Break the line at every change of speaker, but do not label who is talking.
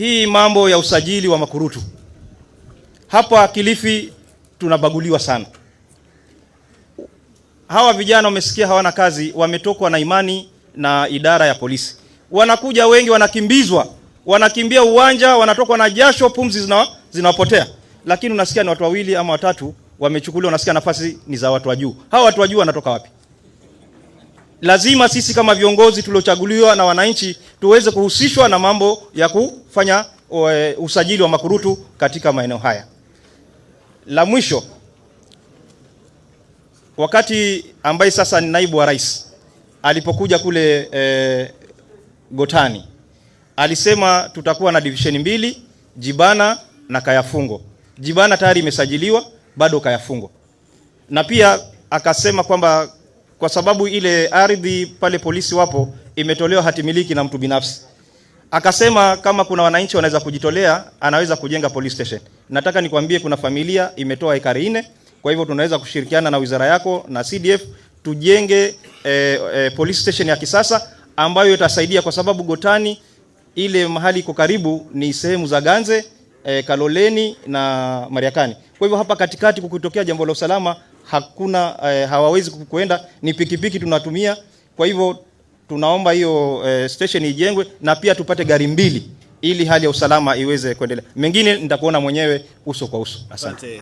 hii mambo ya usajili wa makurutu hapa Kilifi tunabaguliwa sana. Hawa vijana wamesikia hawana kazi, wametokwa na imani na idara ya polisi, wanakuja wengi, wanakimbizwa, wanakimbia uwanja, wanatokwa na jasho, pumzi zina zinapotea, lakini unasikia ni watu wawili ama watatu wamechukuliwa, unasikia nafasi ni za watu wa juu. Hawa watu wa juu wanatoka wapi? Lazima sisi kama viongozi tuliochaguliwa na wananchi tuweze kuhusishwa na mambo ya kufanya eh, usajili wa makurutu katika maeneo haya. La mwisho, wakati ambaye sasa ni naibu wa rais alipokuja kule e, Gotani alisema tutakuwa na divisheni mbili, Jibana na Kayafungo. Jibana tayari imesajiliwa, bado Kayafungo, na pia akasema kwamba kwa sababu ile ardhi pale polisi wapo imetolewa hatimiliki na mtu binafsi. Akasema kama kuna wananchi wanaweza kujitolea, anaweza kujenga police station. Nataka nikwambie kuna familia imetoa ekari nne, kwa hivyo tunaweza kushirikiana na wizara yako na CDF tujenge eh, eh, police station ya kisasa ambayo itasaidia, kwa sababu Gotani ile mahali iko karibu ni sehemu za ganze e, Kaloleni na Mariakani. Kwa hivyo hapa katikati kukitokea jambo la usalama hakuna e, hawawezi kuenda, ni pikipiki tunatumia. Kwa hivyo tunaomba hiyo e, station ijengwe na pia tupate gari mbili ili hali ya usalama iweze kuendelea. Mengine nitakuona mwenyewe uso kwa uso. Asante.